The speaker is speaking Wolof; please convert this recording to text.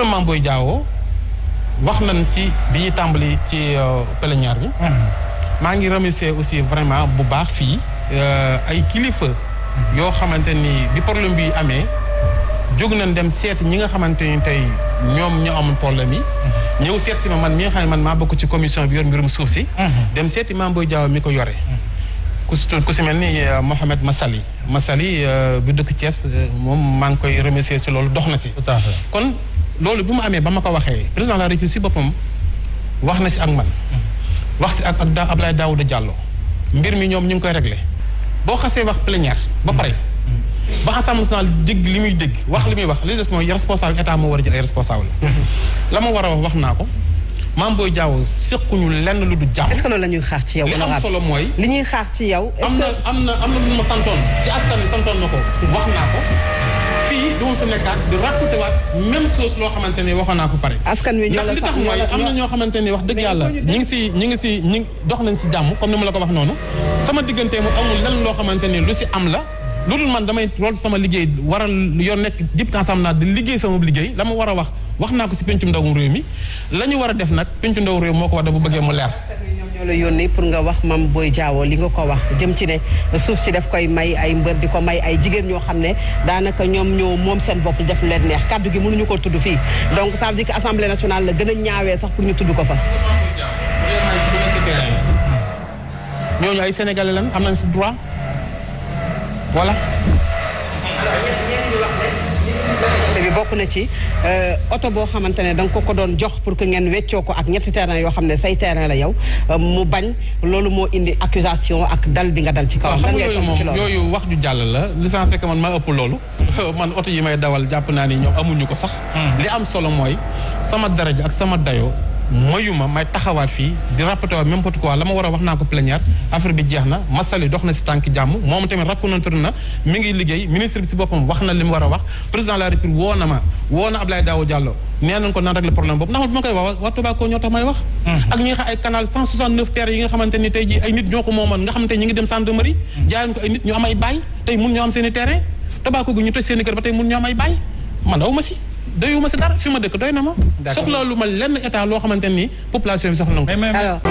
am na Mame Boye Diao wax nan ci bi tàmbali ci euh, plénière bi. Mm-hmm. maa ngi remercier aussi vraiment bu baax fii euh, ay kilifa. yoo xamante ni bi problème bi amee jóg nañ dem seet ñi nga xamante ni tey ñoom ñoo amul problème yi. Mm-hmm. ñëw seet si ma man mi nga xam ne man maa bokk ci commission bi yor mbirum suuf si. Mm-hmm. dem seeti Mame Boye Diao mi ko yore. ku si ku si mel ni euh, Mohamed Massali Massali bu dëkk cees moom maa ngi koy remercier si loolu dox na si. kon. loolu bu ma amee ba ma ko waxee président de la république si boppam wax na si ak man wax si ak ak daa Abdoulaye Daouda jàlloo mbir mi ñoom ñu ngi koy réglé boo xasee wax plénière ba pare ba assemblée nationale dégg li muy dégg wax li muy wax li des mooy responsable état moo war a jël ay responsable la ma war a wax naa ko maam booy jaaw sequñu lenn lu du jàmm. est la ñuy xaar ci yow. li am solo mooy. li ñuy xaax ci yow. am na am na am na lu ma santoon si askan bi santoon na ko. wax naa ko. yi du ma waat même chose loo xamante ne waxoon naa ko pare. askan wi ndax li tax mooy am na ñoo xamante ne wax dëgg yàlla ñi ngi si ñi ngi si ñi dox nañ si jàmm comme ni ma la ko wax noonu. sama diggante mu amul lenn loo xamante ne lu si am la lu dul man damay loolu sama liggéey waral yor nekk député naa di liggéey sama liggéey la war a wax wax naa ko si pencum ndaw réew mi la ñu war a def nag pencum ndaw réew moo ko war a def bu bëggee mu leer. ñoo la yónnee pour nga wax Mame booy jaawoo li nga ko wax jëm ci ne suuf si daf koy may ay mbër di ko may ay jigéen ñoo xam ne daanaka ñoom ñoo moom seen bopp def leen neex kàddu gi nañu ko tudd fii donc ça veut dire que assemblée nationale la gën a ñaawee sax pour ñu tudd ko fa. ñooñu ay sénégalais lan am nañ si droit voilà. te bi bokk na ci Euh, oto boo xamante ne danga nga ko ko doon jox pour que ngeen weccoo ko ak ñetti terrain yoo xam ne say terrain la yow euh, mu bañ loolu moo indi accusation ak dal bi nga dal ci kawam. lan ngay tontu ci loolu yooyu wax ju jàll la licence que man maa ëpp loolu. man oto yi may dawal jàpp naa ni ñoom amuñu ko sax. Hmm. li am solo mooy sama daraja ak sama dayoo. mayuma may taxawaat fii di rapporter même la ma war a wax naa ko plénière affaire bi jeex na masali dox na si tànk jàmm moom tamit rapporter na mi ngi liggéey ministre bi si boppam wax na li mu war a wax président de la république woo na ma woo na Abdoulaye Daouda Diallo nee ko nan rek le problème boobu ndax man bu ma koy wax waa Tobago ñoo tax may wax hmm. ak ñi nga xam ay canal 169 terres yi nga xamante ni tey ay nit ñoo ko moomoon i hmm. terrain Tobago gi ñu toj seen i kër ba tey mun ñoo am si doyuma si dara fi ma dëkk doy na ma. soxla lu ma lenn état loo xamante ni population bi soxla na ko.